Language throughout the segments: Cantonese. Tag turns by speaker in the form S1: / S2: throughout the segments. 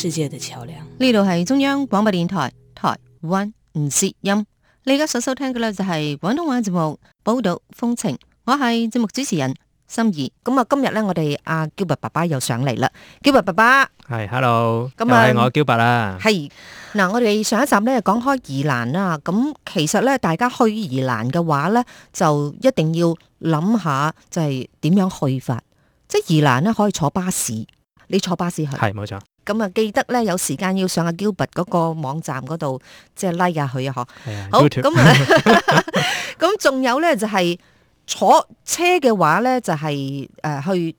S1: 世界的橋樑，呢度係中央廣播電台台灣之音。你而家所收聽嘅咧就係廣東話節目《報道風情》，我係節目主持人心儀。咁啊，今日咧我哋阿 Gilbert 爸爸又上嚟啦。Gilbert 爸爸係
S2: Hey，Hello，今日係我 Gilbert 啊。
S1: 係嗱，我哋上一集咧講開宜蘭啦。咁其實咧，大家去宜蘭嘅話咧，就一定要諗下就係點樣去法。即係宜蘭咧可以坐巴士，你坐巴士去。係，冇錯。咁啊，記得咧有時間要上阿 Gilbert 嗰個網站嗰度，即係 like 下佢啊，嗬、哎呀。好，咁啊 YouTube，咁 仲 有咧就係坐車嘅話咧，就係誒去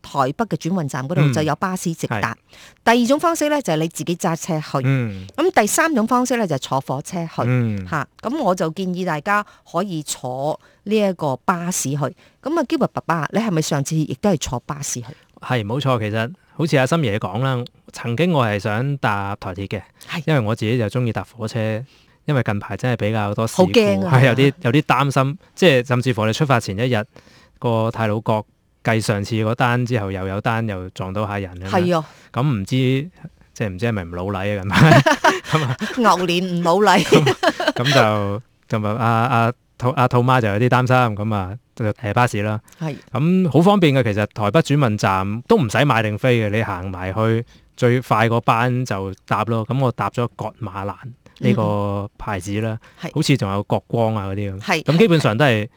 S1: 台北嘅轉運站嗰度、嗯、就有巴士直達。是第二種方式咧就係你自己揸車去。咁、嗯、第三種方式咧就係坐火車去。嚇、嗯，咁 我就建議大家可以坐呢一個巴士去。咁啊，Gilbert 爸爸，你係咪上次亦都係坐巴士去？
S2: 係，冇錯，其實。好似阿森爺講啦，曾經我係想搭台鐵嘅，因為我自己就中意搭火車，因為近排真係比較多事故，係有啲有啲擔心，即係甚至乎你出發前一日個太魯閣繼上次嗰單之後又有單又撞到下人，係啊，咁唔知即係唔知係咪唔老禮啊，咁啊
S1: 牛年唔老禮，
S2: 咁就同埋阿阿兔阿兔媽就有啲擔心，咁啊。就係巴士啦，咁好是、嗯、方便嘅。其實台北轉運站都唔使買定飛嘅，你行埋去最快個班就搭咯。咁我搭咗葛瑪蘭呢個牌子啦，嗯、好似仲有國光啊嗰啲咁。咁基本上都係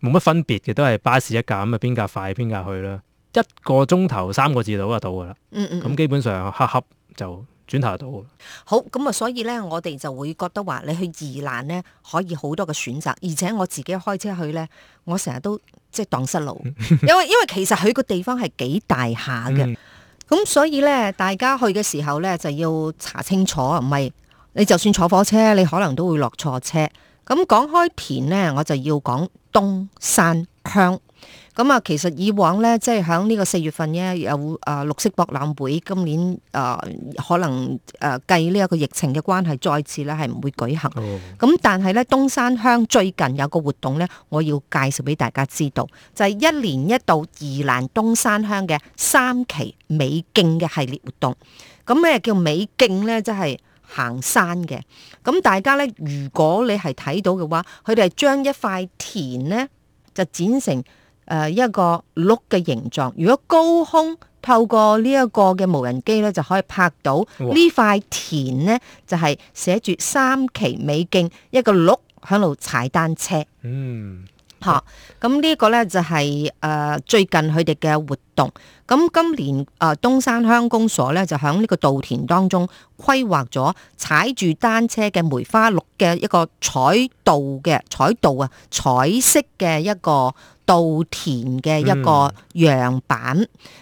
S2: 冇乜分別嘅，都係巴士一架咁啊，邊架快邊架去啦？一個鐘頭三個字到就到噶啦。
S1: 咁、嗯嗯嗯、基
S2: 本上黑恰就。轉頭到
S1: 好，咁啊，所以咧，我哋就會覺得話你去宜蘭咧可以好多嘅選擇，而且我自己開車去咧，我成日都即係蕩失路， 因為因為其實佢個地方係幾大下嘅，咁、嗯、所以咧，大家去嘅時候咧就要查清楚，唔係你就算坐火車，你可能都會落錯車。咁講開田咧，我就要講東山鄉。鄉咁啊，其實以往咧，即係喺呢個四月份咧有啊、呃、綠色博覽會。今年啊、呃，可能誒計呢一個疫情嘅關係，再次咧係唔會舉行。咁、嗯、但係咧，東山鄉最近有個活動咧，我要介紹俾大家知道，就係、是、一年一度宜蘭東山鄉嘅三奇美徑嘅系列活動。咁咩叫美徑咧？即、就、係、是、行山嘅。咁大家咧，如果你係睇到嘅話，佢哋係將一塊田咧就剪成。誒、呃、一個鹿嘅形狀，如果高空透過呢一個嘅無人機咧，就可以拍到呢塊田咧，哇就係寫住三奇美徑一個鹿響度踩單車，嗯、吓、嗯、咁、嗯、呢個咧就係、是、誒、呃、最近佢哋嘅活動，咁今年啊、呃、東山鄉公所咧就喺呢個稻田當中規劃咗踩住單車嘅梅花鹿嘅一個彩稻嘅彩稻啊，彩色嘅一個稻田嘅一個樣板。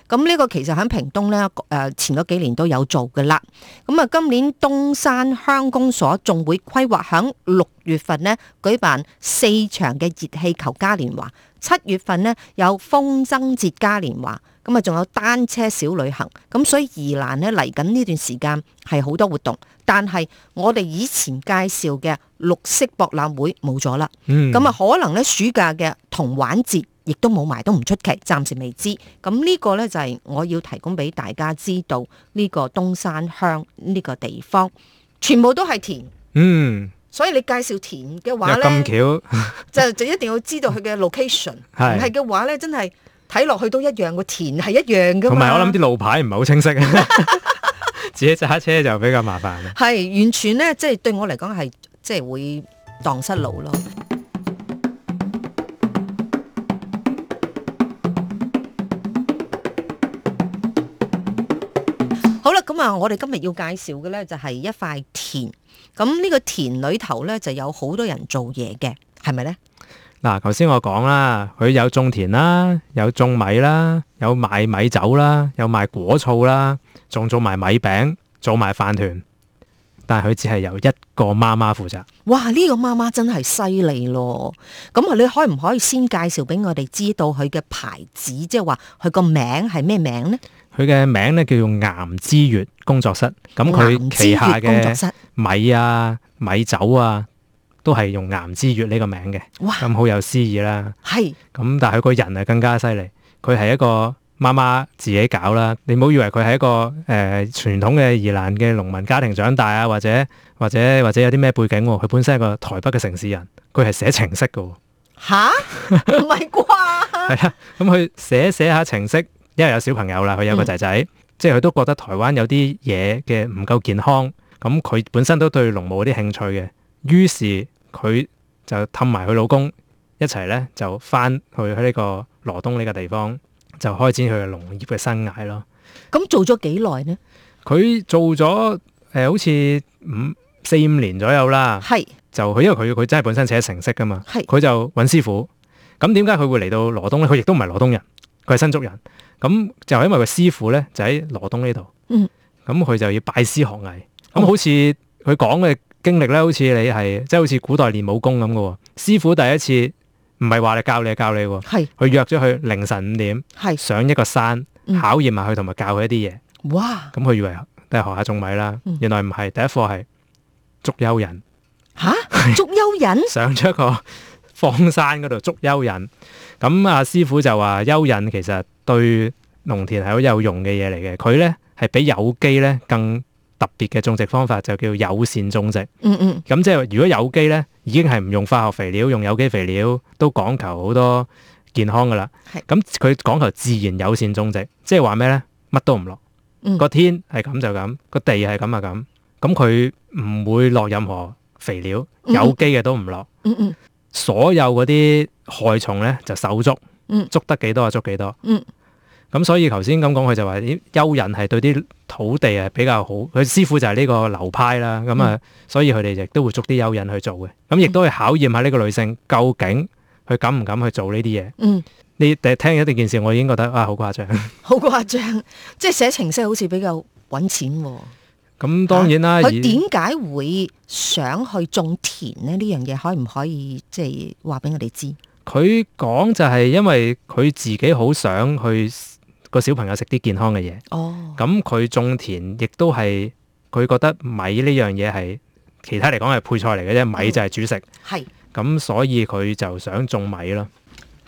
S1: 咁呢、嗯、個其實喺屏東咧誒、呃、前嗰幾年都有做噶啦。咁、嗯、啊今年冬山鄉公所仲會規劃喺六月份呢，舉辦四場嘅熱氣球嘉年華。七月份呢，有風箏節嘉年華，咁啊仲有單車小旅行，咁所以宜蘭呢，嚟緊呢段時間係好多活動，但係我哋以前介紹嘅綠色博覽會冇咗啦，咁啊、嗯、可能呢，暑假嘅童玩節亦都冇埋，都唔出奇，暫時未知。咁呢個呢，就係我要提供俾大家知道呢、呢個東山鄉呢個地方全部都係田。嗯。所以你介紹田嘅話咧，有咁巧就就一定要知道佢嘅 location，唔係嘅話咧，真係睇落去都一樣，個田係一樣嘅。同埋我諗啲
S2: 路牌唔係好清晰，自己揸車就比較麻煩。係
S1: 完全咧，即係對我嚟講係，即係會蕩失路咯。好啦，咁啊，我哋今日要介紹嘅咧就係一塊田。咁呢個田裏頭咧，就有好多人做嘢嘅，係咪咧？
S2: 嗱，啊，頭先我講啦，佢有種田啦，有種米啦，有賣米酒啦，有賣果醋啦，仲做埋米餅，做埋飯糰。但係佢只係由一個媽媽
S1: 負責。哇！呢、這個媽媽真係犀利咯。咁啊，你可唔可以先介紹俾我哋知道佢嘅牌子，即係話佢個名係咩名呢？
S2: 佢嘅名咧叫做岩之月工作室，咁佢旗下嘅米啊、米酒啊，都係用岩之月呢個名嘅，咁好有詩意啦。係，咁但係佢個人啊更加犀利，佢係一個媽媽自己搞啦。你唔好以為佢係一個誒傳統嘅宜蘭嘅農民家庭長大啊，或者或者或者有啲咩背景，佢本身係個台北嘅城市人，佢係寫程式噶。吓，唔係啩？係啊，咁佢寫寫下程式。因為有小朋友啦，佢有個仔仔，嗯、即係佢都覺得台灣有啲嘢嘅唔夠健康，咁佢本身都對農務有啲興趣嘅，於是佢就氹埋佢老公一齊咧，就翻去喺呢個羅東呢個地方，就開展佢嘅農業嘅生涯咯。咁做咗幾耐呢？佢做咗誒、呃，好似五四五年左右啦。係是就佢因為佢佢真係本身寫程式噶嘛，佢是就揾師傅。咁點解佢會嚟到羅東咧？佢亦都唔係羅東人，佢係新竹人。咁就因為個師傅咧就喺羅東呢度，咁佢、嗯、就要拜師學藝。咁、嗯、好似佢講嘅經歷咧，好似你係即係好似古代練武功咁嘅。師傅第一次唔係話你教你教你，係佢是約咗佢凌晨五點，係是上一個山、嗯、考驗埋佢，同埋教佢一啲嘢。
S1: 哇！
S2: 咁佢以為都係學下種米啦，嗯、原來唔係，第一課係捉蚯蚓。
S1: 吓，捉蚯蚓？
S2: 上咗個荒山嗰度捉蚯蚓。咁阿、啊、師傅就話：蚯蚓其實對農田係好有用嘅嘢嚟嘅。佢咧係比有機咧更特別嘅種植方法，就叫有線種植。
S1: 嗯
S2: 嗯。咁即係如果有機咧，已經係唔用化學肥料，用有機肥料都講求好多健康噶啦。咁佢是講求自然有線種植，即係話咩咧？乜都唔落。嗯。個天係咁就咁，個地係咁就咁。咁佢唔會落任何肥料，有機嘅都唔落。嗯嗯嗯、所有嗰啲。害蟲咧就手捉，捉得幾多就、啊、捉幾多。咁、嗯嗯嗯、所以頭先咁講，佢就話啲蚯蚓係對啲土地係比較好。佢師傅就係呢個流派啦，咁、嗯、啊，嗯、所以佢哋亦都會捉啲蚯蚓去做嘅。咁亦都去考驗下呢個女性究竟佢敢唔敢去做呢啲嘢。嗯，你第聽咗呢件事，我已經覺得啊 好誇張，
S1: 好誇張。即係寫程式好似比較揾錢、啊。
S2: 咁、嗯、當然啦，佢點
S1: 解會想去種田咧？呢樣嘢可唔可以即係話俾我哋知？
S2: 佢講就係因為佢自己好想去個小朋友食啲健康嘅嘢。咁佢、哦嗯、種田亦都係佢覺得米呢樣嘢係其他嚟講係配菜嚟嘅啫，米就係主食，
S1: 咁、
S2: 哦嗯、所以佢就想種米咯。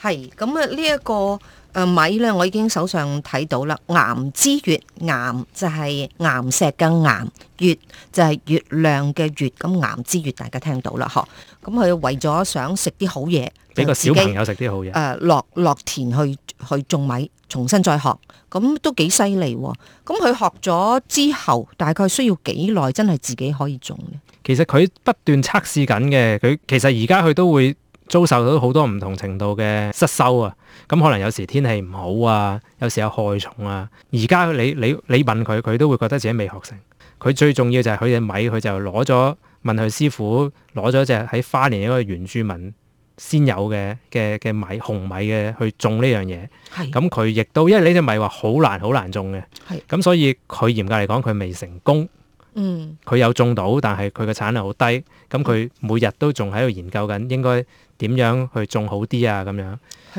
S1: 係咁啊，呢一、這個。誒米咧，我已經手上睇到啦。岩之月岩就係岩石嘅岩，月就係月亮嘅月。咁岩之月大家聽到啦，嗬。咁、嗯、佢為咗想食啲好嘢，俾個小朋
S2: 友食啲好嘢。誒、
S1: 呃，落落田去去種米，重新再學，咁、嗯、都幾犀利喎。咁、嗯、佢學咗之後，大概需要幾耐，真係自己可以種咧？
S2: 其實佢不斷測試緊嘅，佢其實而家佢都會。遭受到好多唔同程度嘅失收啊！咁可能有時天氣唔好啊，有時有害蟲啊。而家你你你問佢，佢都會覺得自己未學成。佢最重要就係佢隻米，佢就攞咗問佢師傅攞咗隻喺花蓮嗰個原住民先有嘅嘅嘅米紅米嘅去種呢樣嘢。咁佢亦都因為呢隻米話好難好難種嘅，咁是所以佢嚴格嚟講，佢未成功。嗯，佢有種到，但係佢嘅產量好低，咁佢每日都仲喺度研究緊，應該點樣去種好啲啊？咁樣，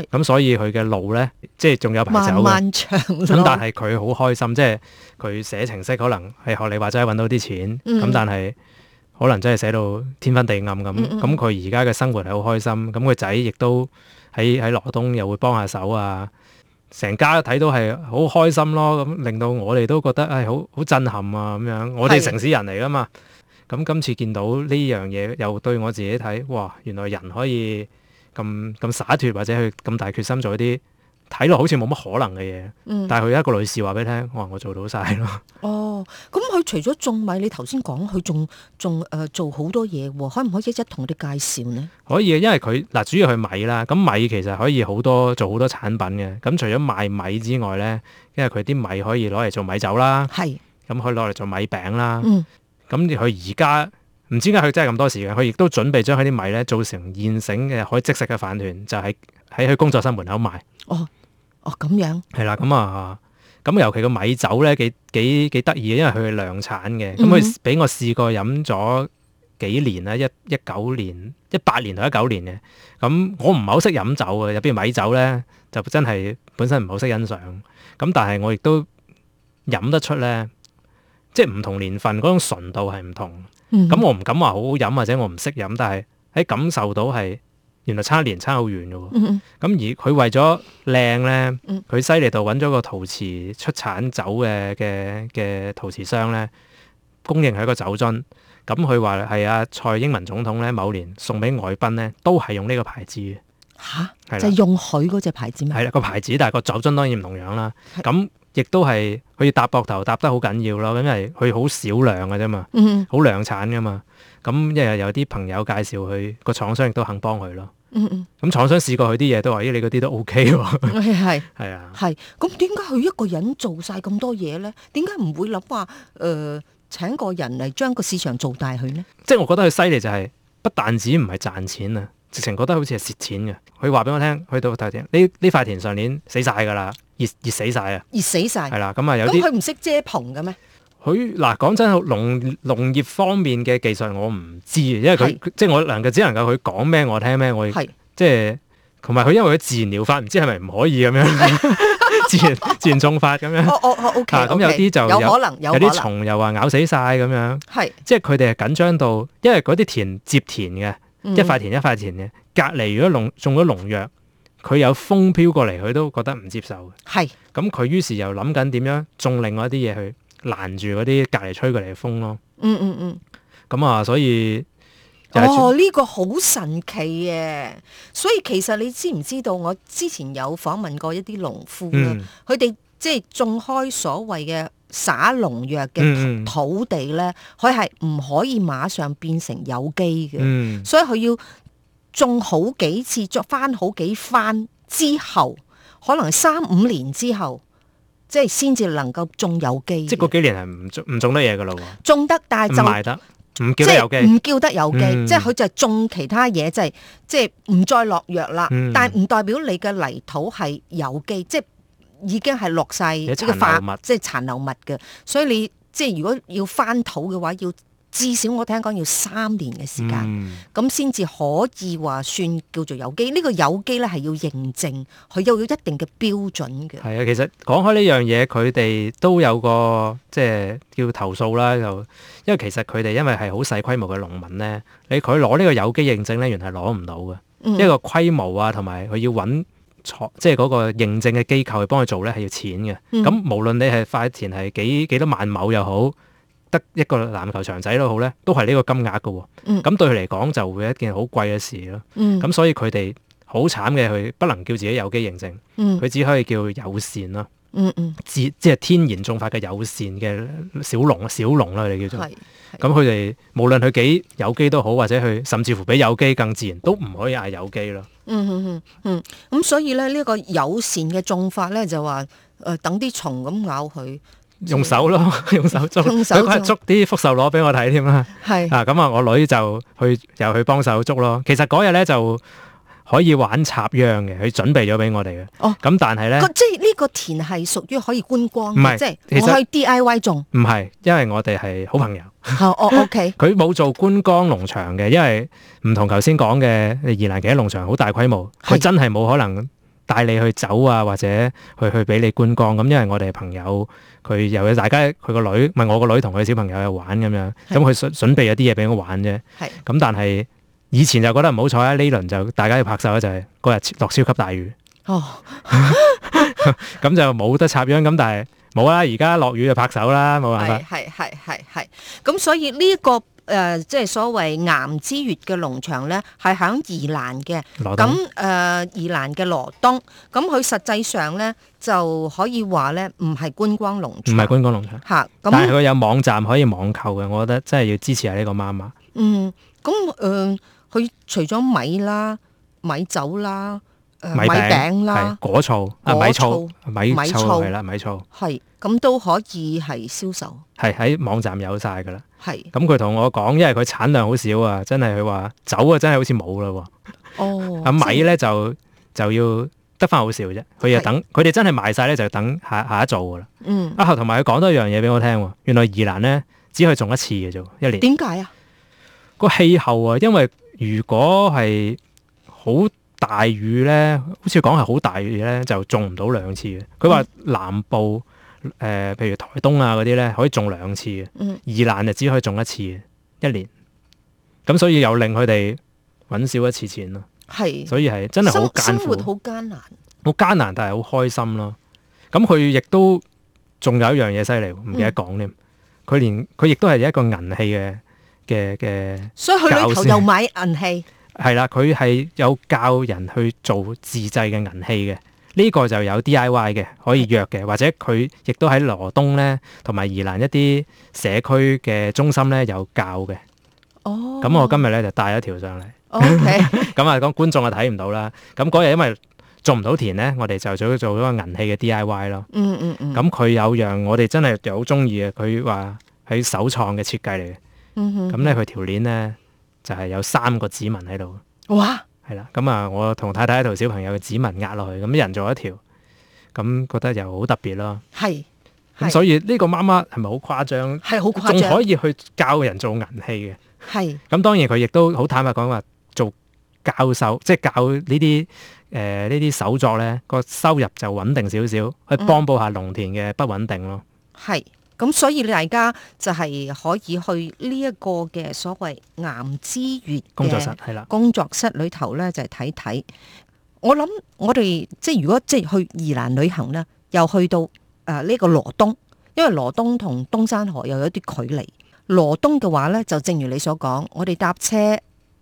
S2: 咁是所以佢嘅路咧，即係仲有排走嘅。漫漫
S1: 長咯。咁但
S2: 係佢好開心，即係佢寫程式可能係學你話齋揾到啲錢，咁、嗯、但係可能真係寫到天昏地暗咁。咁佢而家嘅生活係好開心，咁佢仔亦都喺喺羅東又會幫下手啊。成家睇到係好開心咯，咁令到我哋都覺得誒好好震撼啊咁樣。我哋城市人嚟噶嘛，咁今是次見到呢樣嘢又對我自己睇，哇！原來人可以咁咁灑脫或者去咁大決心做一啲。睇落好似冇乜可能嘅嘢，嗯、但係佢一個女士話俾你聽，話我，我做到晒咯。
S1: 哦，咁佢除咗種米，你頭先講佢仲仲誒做好多嘢，可唔可以一一同我哋介紹呢？
S2: 可以，因為佢嗱主要係米啦。咁米其實可以好多做好多產品嘅。咁除咗賣米之外呢，因為佢啲米可以攞嚟做米酒啦，咁是可以攞嚟做米餅啦。咁佢而家唔知點解佢真係咁多時間，佢亦都準備將佢啲米咧做成現成嘅可以即食嘅飯團，就喺喺佢工作室門口賣。
S1: 哦，哦咁、oh, oh, 樣
S2: 係啦，咁啊，咁、嗯、尤其個米酒咧幾幾幾得意，嘅，因為佢係量產嘅，咁佢俾我試過飲咗幾年啦，一一九年、一八年同一九年嘅，咁、嗯、我唔係好識飲酒嘅，入邊米酒咧就真係本身唔係好識欣賞，咁但係我亦都飲得出咧，即係唔同年份嗰種純度係唔同，咁、嗯嗯、我唔敢話好好飲或者我唔識飲，但係喺感受到係。原來差一年差好遠嘅喎，咁、嗯、哼而佢為咗靚咧，佢犀利到揾咗個陶瓷出產酒嘅嘅嘅陶瓷商咧，供應佢一個酒樽。咁佢話係啊，蔡英文總統咧，某年送俾外賓咧，都係用呢個牌子。嚇、啊，的就係用
S1: 佢嗰隻牌子
S2: 咩？係啦，這個牌子，但係個酒樽當然唔同樣啦。咁的。亦都係佢搭膊頭搭得好緊要咯，因為佢好少量嘅啫、嗯嗯、嘛，好量產噶嘛。咁一日有啲朋友介紹佢，個廠商亦都肯幫佢咯。咁、嗯嗯嗯、廠商試過佢啲嘢都話，咦，你嗰啲都 O K 喎。係是 啊。
S1: 係咁，點解佢一個人做晒咁多嘢咧？點解唔會諗話誒請個人嚟將個市場做大佢咧？
S2: 即係我覺得佢犀利就係不但止唔係賺錢啊。直情覺得好似係蝕錢嘅。佢話俾我聽，去到睇田呢，呢塊田上年死晒㗎啦，熱熱死晒啊！
S1: 熱死晒係
S2: 啦。咁啊，有啲？佢唔
S1: 識遮棚嘅咩？
S2: 佢嗱，講真，農農業方面嘅技術我唔知啊，因為佢即係我能夠只能夠佢講咩我聽咩，我係即係同埋佢因為佢自然療法，唔知係咪唔可以咁樣自然自然種法咁
S1: 樣？咁有啲就有可能有啲蟲
S2: 又話咬死晒咁樣，即係佢哋係緊張到，因為嗰啲田接田嘅。一塊田一塊田嘅，隔離如果農種咗農藥，佢有風飄過嚟，佢都覺得唔接受嘅。係，咁佢於是又諗緊點樣種另外一啲嘢去攔住嗰啲隔離吹過嚟嘅風咯。嗯嗯嗯，咁啊，所以
S1: 哦呢個好神奇嘅，所以其實你知唔知道？我之前有訪問過一啲農夫，佢哋。嗯即係種開所謂嘅灑農藥嘅土地咧，佢係唔可以馬上變成有機嘅，嗯、所以佢要種好幾次，再翻好幾番之後，可能三五年之後，即係先至能夠種有機。即係嗰
S2: 幾年係唔唔種得嘢噶啦，
S1: 種得但係唔係得，
S2: 唔叫得有機，唔叫得有機，嗯、即係佢
S1: 就係種其他嘢，就是嗯，即係即係唔再落藥啦。但係唔代表你嘅泥土係有機，即係。已經係落晒，呢個化，即係殘留物嘅，所以你即係如果要翻土嘅話，要至少我聽講要三年嘅時間，咁先至可以話算叫做有機。呢個有機咧係要認證，佢又有一定嘅標準嘅。
S2: 係啊，其實講開呢樣嘢，佢哋都有個即係叫投訴啦，就因為其實佢哋因為係好細規模嘅農民咧，你佢攞呢個有機認證咧，原係攞唔到嘅，嗯、一個規模啊，同埋佢要揾。即係嗰個認證嘅機構去幫佢做咧，係要錢嘅。咁、嗯、無論你係塊田係幾幾多萬畝又好，得一個籃球場仔都好咧，都係呢個金額嘅、哦。咁、嗯、對佢嚟講就會一件好貴嘅事咯。咁、嗯、所以佢哋好慘嘅，佢不能叫自己有機認證，佢只可以叫友善咯。嗯嗯，自、嗯、即係天然種法嘅友善嘅小龍，小龍啦，你叫做，咁佢哋無論佢幾有機都好，或者佢甚至乎比有機更自然，都唔可以嗌有機咯。嗯
S1: 嗯嗯嗯，咁、嗯嗯、所以咧，呢個友善嘅種法咧，就話誒等啲蟲咁咬佢，用手咯，
S2: 用手捉， 捉啲福壽螺俾我睇添啦。係是啊，咁、嗯、啊，我女就去又去幫手捉咯。其實嗰日咧就。可以玩插秧嘅，佢準備咗俾我哋嘅。哦，咁但係咧，即
S1: 係呢個田係屬於可以觀光，是即係我去 D I Y 種。
S2: 唔係，因為我哋係好朋友。哦，O K。佢冇做觀光農場嘅，因為唔同頭先講嘅二蘭幾嘅農場好大規模，佢真係冇可能帶你去走啊，或者去去俾你觀光。咁因為我哋係朋友，佢由於大家佢個女，唔係我個女，同佢小朋友去玩咁樣，咁佢準準備咗啲嘢俾我玩啫。係是，咁但係。以前就覺得唔好彩啦，呢輪就大家要拍手啦，就係嗰日落超級大雨哦，咁 就冇得插秧。咁但係冇啦，而家落雨就拍手啦，冇辦法。係
S1: 係係係。咁所以呢、呢個誒，即、呃、係、就是、所謂岩之月嘅農場咧，係喺宜蘭嘅，咁誒宜蘭嘅羅東。咁佢、呃、實際上咧就可以話咧，唔係觀光農
S2: 場，唔係觀光農
S1: 場。嚇，但係佢
S2: 有網站可以網購嘅，我覺得真係要支持下呢個媽媽。
S1: 嗯，咁、嗯、誒。嗯嗯嗯嗯嗯嗯佢除咗米啦、米酒啦、誒米餅啦、果
S2: 醋啊、米醋、米醋係啦、米醋
S1: 係咁都可以係銷售，
S2: 係喺網站有晒噶啦。係咁，佢同我講，因為佢產量好少啊，真係佢話酒啊，真係好似冇啦喎。
S1: 哦，咁米咧
S2: 就就要得返好少啫。佢就等，佢哋真係賣晒咧，就等下下一造噶
S1: 啦。
S2: 嗯，啊，同埋佢講多一樣嘢俾我聽，原來宜蘭咧只可以種一次嘅啫，一年點解啊？個氣候啊，因為如果係好大雨咧，好似講係好大雨咧，就中唔到兩次嘅。佢話南部誒、嗯呃，譬如台東啊嗰啲咧，可以中兩次嘅。宜蘭、嗯、就只可以中一次嘅一年。咁所以又令佢哋搵少一次錢咯。
S1: 係是，所以
S2: 係真係好艱苦，好艱難，好艱難，但係好開心咯。咁佢亦都仲有一樣嘢犀利，唔記得講添。佢、嗯、連佢亦都係一個銀器嘅。嘅嘅，所以佢呢度又
S1: 買銀器，
S2: 係啦，佢係有教人去做自製嘅銀器嘅，呢、這個就有 D I Y 嘅可以約嘅，或者佢亦都喺羅東咧同埋宜蘭一啲社區嘅中心咧有教嘅。哦，咁我今日咧就帶咗條上嚟。O K，咁啊，講、okay、 觀眾啊睇唔到啦。咁嗰日因為做唔到田咧，我哋就做咗個銀器嘅 D I Y 咯。嗯嗯嗯，咁佢有樣我哋真係好中意嘅，佢話係首創嘅設計嚟嘅。咁咧，佢條鏈咧，就係有三個指紋喺度，
S1: 哇！係啦，
S2: 咁啊，我同太太同小朋友嘅指紋壓落去，咁一人做一條，咁覺得又好特別咯。係，咁、嗯、所以呢個媽媽係咪好誇張？係好誇張，仲可以去教人做銀器嘅。係是，咁、嗯、當然佢亦都好坦白講話做教授，即係教呢啲誒呢啲手作咧，個收入就穩定少少，去幫補下農田嘅不穩定咯。
S1: 係、嗯。咁、嗯、所以大家就係可以去呢一個嘅所謂岩之月工作室，係啦，工作室裏頭咧就係睇睇。我諗我哋即係如果即係去宜蘭旅行咧，又去到誒呢、呃這個羅東，因為羅東同東山河又有一啲距離。羅東嘅話咧，就正如你所講，我哋搭車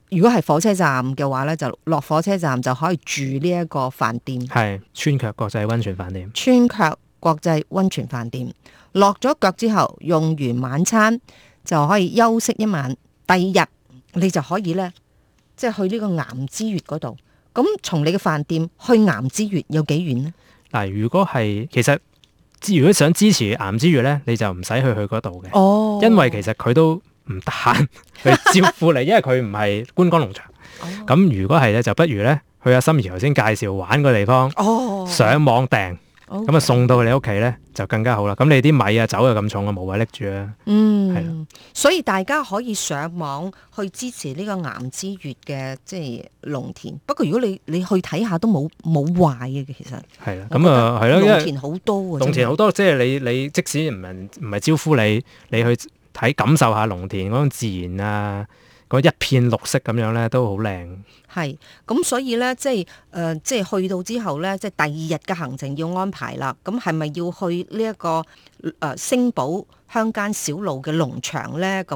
S1: 如果係火車站嘅話咧，就落火車站就可以住呢一個飯店，係
S2: 村卻國際溫泉飯店，
S1: 村卻國際溫泉飯店落咗腳之後，用完晚餐就可以休息一晚。第二日你就可以呢，即係去呢個岩之月嗰度。咁從你嘅飯店去岩之月有幾遠呢？
S2: 嗱，如果係其實如果想支持岩之月呢，你就唔使去去嗰度嘅。哦，因為其實佢都唔得閒去照顧你，因為佢唔係觀光農場。哦，咁如果係咧，就不如呢，去阿心儀頭先介紹玩個地方。哦，上網訂。咁啊 Okay. 送到去你屋企咧就更加好啦！咁你啲米啊酒啊咁重啊冇
S1: 謂拎住啊，嗯，的所以大家可以上網去支持呢個岩之月嘅即係農田。不過如果你你去睇下都冇冇壞嘅其實係啦，咁啊係咯，嗯嗯、農田好多，農田好
S2: 多，即係你你即使唔係唔係招呼你，你去睇感受下農田嗰種自然啊。嗰一片綠色咁樣咧，都好靚。
S1: 係，咁所以咧，即係誒、呃，即係去到之後咧，即係第二日嘅行程要安排啦。咁係咪要去呢、這、一個誒、呃、星寶鄉間小路嘅農場咧？咁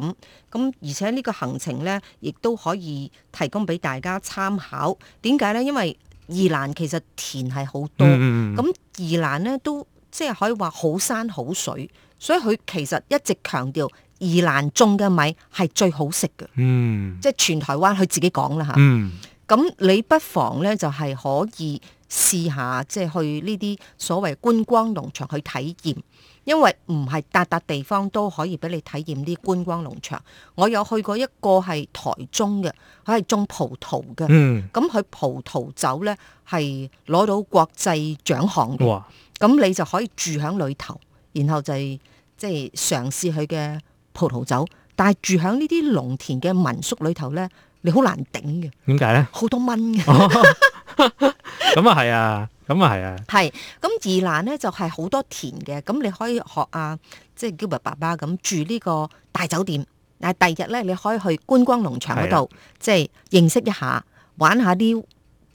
S1: 咁而且呢個行程咧，亦都可以提供俾大家參考。點解咧？因為宜蘭其實田係好多，咁、嗯嗯、宜蘭咧都即係可以話好山好水，所以佢其實一直強調。宜蘭種嘅米係最好食嘅，嗯，即係全台灣佢自己講啦嚇，嗯，咁你不妨咧就係、是、可以試下，即係去呢啲所謂觀光農場去體驗，因為唔係笪笪地方都可以俾你體驗啲觀光農場。我有去過一個係台中嘅，佢係種葡萄嘅，嗯，咁佢葡萄酒咧係攞到國際獎項嘅，咁哇你就可以住喺裏頭，然後就係即係嘗試佢嘅。葡萄酒，但係住喺呢啲農田嘅民宿裏頭咧，你好難頂嘅。
S2: 點解咧？好多蚊嘅。咁啊係啊，咁啊係啊。
S1: 係，咁宜蘭咧就係好多田嘅，咁你可以學啊，即係 Gilbert 爸爸咁住呢個大酒店。但係第二日咧，你可以去觀光農場嗰度，的即係認識一下，玩下啲。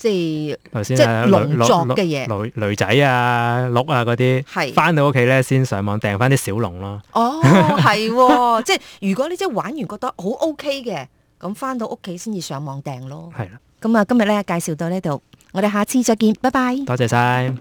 S1: 即係頭先
S2: 啊，龍作嘅嘢，女鰻仔啊、鹿啊嗰啲，翻是到屋企咧先上網訂翻啲小龍咯。
S1: 哦，係喎， 即係如果你即係玩完覺得好 OK 嘅，咁翻到屋企先至上網訂咯。係啦的，咁啊今日咧介紹到呢度，我哋下次再見，拜拜。
S2: 多謝晒。